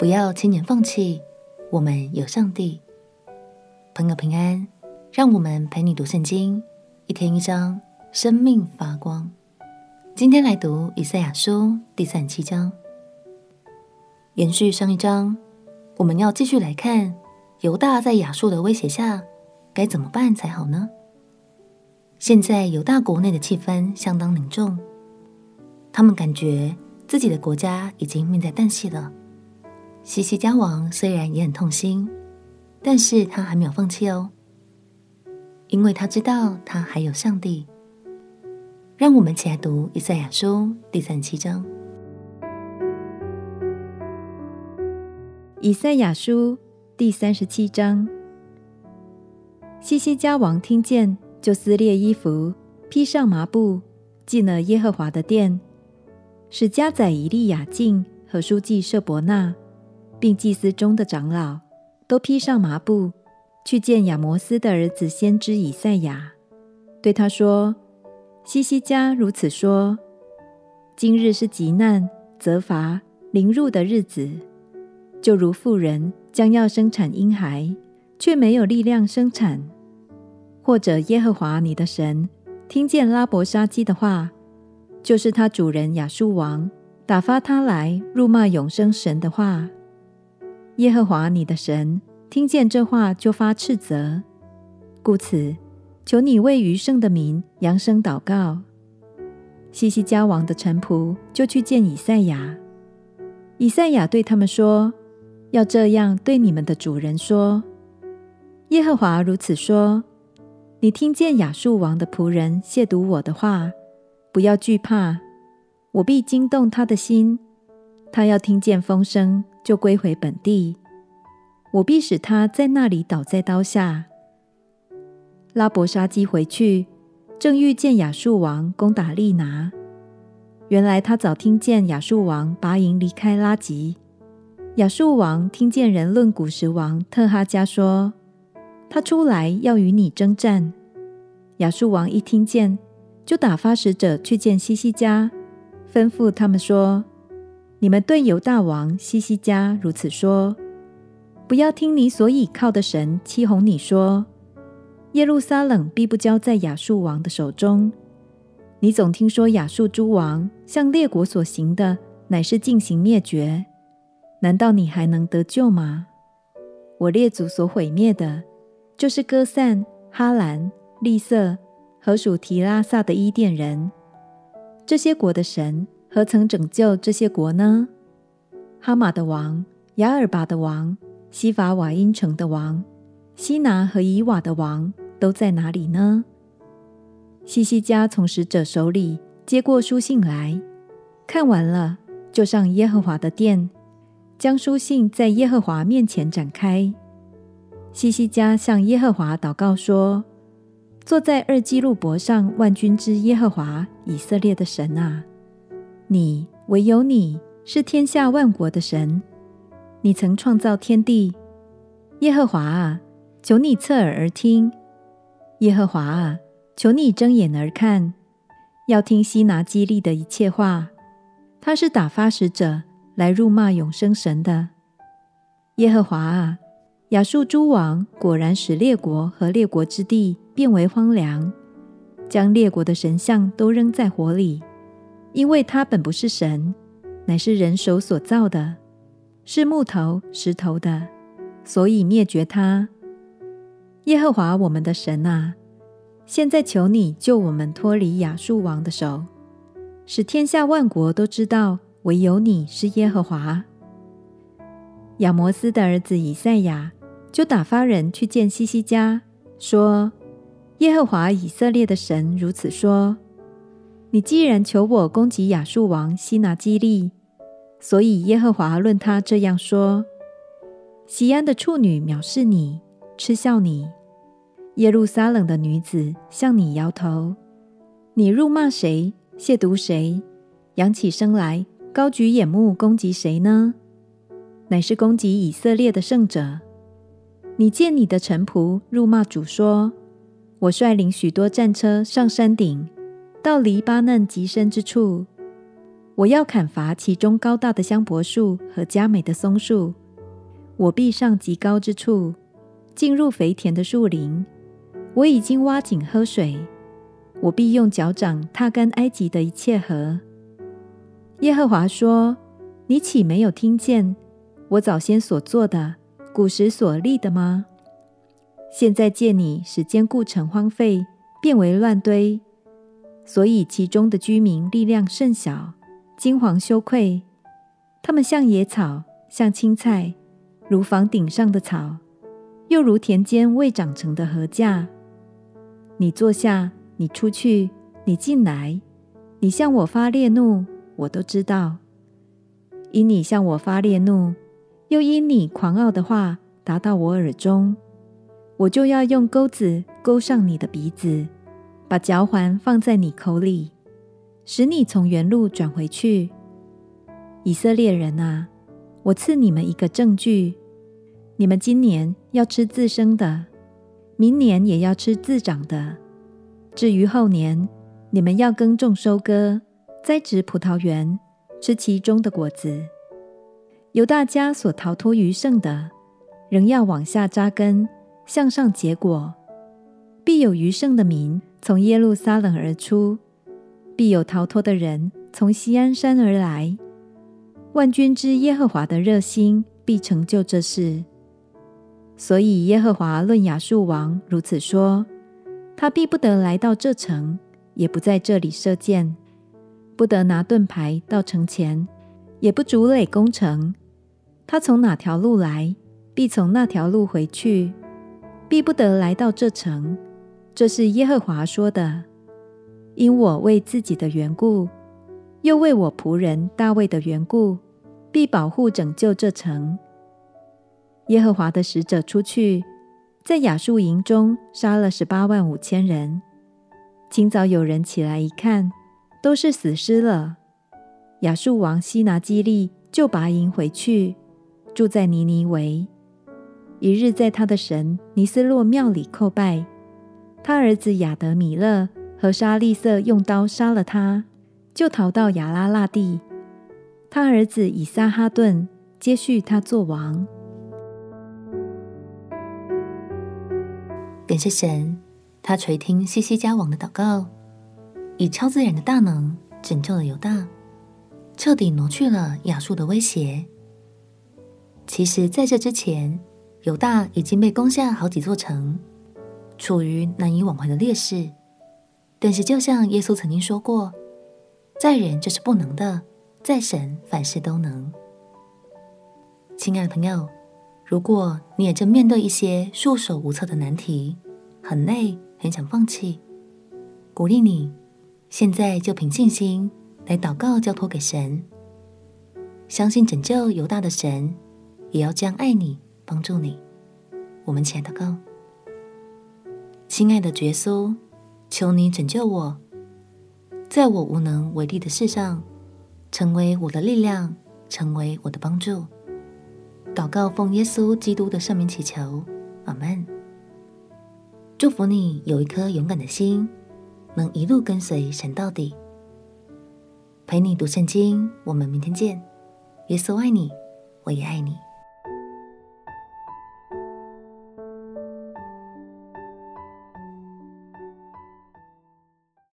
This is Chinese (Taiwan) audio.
不要輕言放棄，我們有上帝。朋友平安，讓我們陪你讀聖經，一天一章，生命發光。今天來讀以賽亞書第三七章，延續上一章，我們要繼續來看猶大在亞述的威脅下該怎麼辦才好呢？現在猶大國內的氣氛相當凝重，他們感覺自己的國家已經命在旦夕了。西西家王雖然也很痛心，但是他還沒有放棄哦，因為他知道他還有上帝。讓我們起來讀以賽，以賽亞書第三十七章。以賽亞書第三十七章，西西家王聽見，就撕裂衣服，披上麻布，進了耶和華的殿，使家宰以利亞敬和書記舍伯納。並祭司中的長老都披上麻布去見亞摩斯的兒子先知以賽亞，對他說：“希西家如此說：今日是急難、責罰、凌辱的日子，就如婦人將要生產嬰孩，卻沒有力量生產；或者耶和華你的神聽見拉伯沙基的話，就是他主人亞述王打發他來辱罵永生神的話。”耶和華你的神聽見這話，就發斥責，故此求你為餘剩的民揚聲禱告。西西家王的臣僕就去見以賽亞，以賽亞對他們說：“要這樣對你們的主人說：耶和華如此說，你聽見亞述王的僕人褻瀆我的話，不要懼怕，我必驚動他的心，他要聽見風聲。”就歸回本地，我必使他在那裡倒在刀下。拉伯沙基回去，正遇見亞述王攻打利拿。原來他早聽見亞述王拔營離開拉吉。亞述王聽見人論古時王特哈迦說，他出來要與你征戰。亞述王一聽見，就打發使者去見西西家，吩咐他們說。你們對猶大王希西家如此說：“不要聽你所倚靠的神欺哄你說，耶路撒冷必不交在亞述王的手中。你總聽說亞述諸王向列國所行的乃是進行滅絕，難道你還能得救嗎？我列祖所毀滅的就是哥散、哈蘭、利色和屬提拉撒的伊甸人，這些國的神。”何曾拯救這些國呢？哈馬的王、亞珥拔的王、西法瓦因城的王、希拿和以瓦的王都在哪裡呢？西西家從使者手裡接過書信來，看完了，就上耶和華的殿，將書信在耶和華面前展開。西西家向耶和華禱告說：“坐在二基路伯上萬軍之耶和華以色列的神啊！”你唯有你是，是天下萬國的神，你曾創造天地。耶和華啊，求你側耳而聽；耶和華啊，求你睜眼而看，要聽西拿基立的一切話。他是打發使者來辱罵永生神的。耶和華啊，亞述諸王果然使列國和列國之地變為荒涼，將列國的神像都扔在火裡。因為他本不是神，乃是人手所造的，是木頭、石頭的，所以滅絕他。耶和華我們的神啊，現在求你救我們脫離亞述王的手，使天下萬國都知道唯有你是耶和華。亞摩斯的兒子以賽亞就打發人去見希西家，說：“耶和華以色列的神如此說。”你既然求我攻擊亞述王西拿基立，所以耶和華論他這樣說：錫安的處女藐視你，嗤笑你；耶路撒冷的女子向你搖頭。你辱罵誰，褻瀆誰，揚起聲來，高舉眼目攻擊誰呢？乃是攻擊以色列的聖者。你見你的臣僕辱罵主說：“我率領許多戰車上山頂。”到黎巴嫩極深之處，我要砍伐其中高大的香柏樹和佳美的松樹。我必上極高之處，進入肥田的樹林。我已經挖井喝水，我必用腳掌踏乾埃及的一切河。耶和華說：“你豈沒有聽見我早先所做的、古時所立的嗎？現在借你使堅固城荒廢，變為亂堆。”所以其中的居民力量甚小，驚惶羞愧。他們像野草，像青菜，如房頂上的草，又如田間未長成的禾稼。你坐下，你出去，你進來，你向我發烈怒，我都知道。因你向我發烈怒，又因你狂傲的話達到我耳中，我就要用鈎子鈎上你的鼻子。把嚼環放在你口裡，使你從原路轉回去。以色列人啊，我賜你們一個證據：你們今年要吃自生的，明年也要吃自長的。至於後年，你們要耕種、收割、栽植葡萄園，吃其中的果子。猶大家所逃脫餘剩的，仍要往下扎根，向上結果，必有餘剩的民。從耶路撒冷而出，必有逃脫的人從錫安山而來，萬軍之耶和華的熱心必成就這事。所以耶和華論亞述王如此說：他必不得來到這城，也不在這裡射箭，不得拿盾牌到城前，也不築壘攻城。他從哪條路來，必從那條路回去，必不得來到這城。這是耶和華說的：“因我為自己的緣故，又為我僕人大衛的緣故，必保護拯救這城。”耶和華的使者出去，在亞述營中殺了十八萬五千人。清早有人起來一看，都是死屍了。亞述王西拿基立，就拔營回去，住在尼尼微。一日，在他的神尼斯洛廟裡叩拜。他兒子亞德米勒和沙利色用刀殺了他，就逃到亞拉臘地。他兒子以撒哈頓接續他做王。感謝神，他垂聽西西家王的禱告，以超自然的大能拯救了猶大，徹底挪去了亞述的威脅。其實，在這之前，猶大已經被攻下好幾座城。處於難以挽回的劣勢，但是就像耶穌曾經說過：“在人就是不能的，在神凡事都能。”親愛的朋友，如果你也正面對一些束手無策的難題，很累，很想放棄，鼓勵你，現在就憑信心來禱告，交托給神，相信拯救猶大的神也要這樣愛你，幫助你。我們親愛的告。親愛的耶穌，求你拯救我，在我無能為力的事上，成為我的力量，成為我的幫助。禱告奉耶穌基督的聖名祈求，阿門。祝福你有一顆勇敢的心，能一路跟隨神到底。陪你讀聖經，我們明天見。耶穌愛你，我也愛你。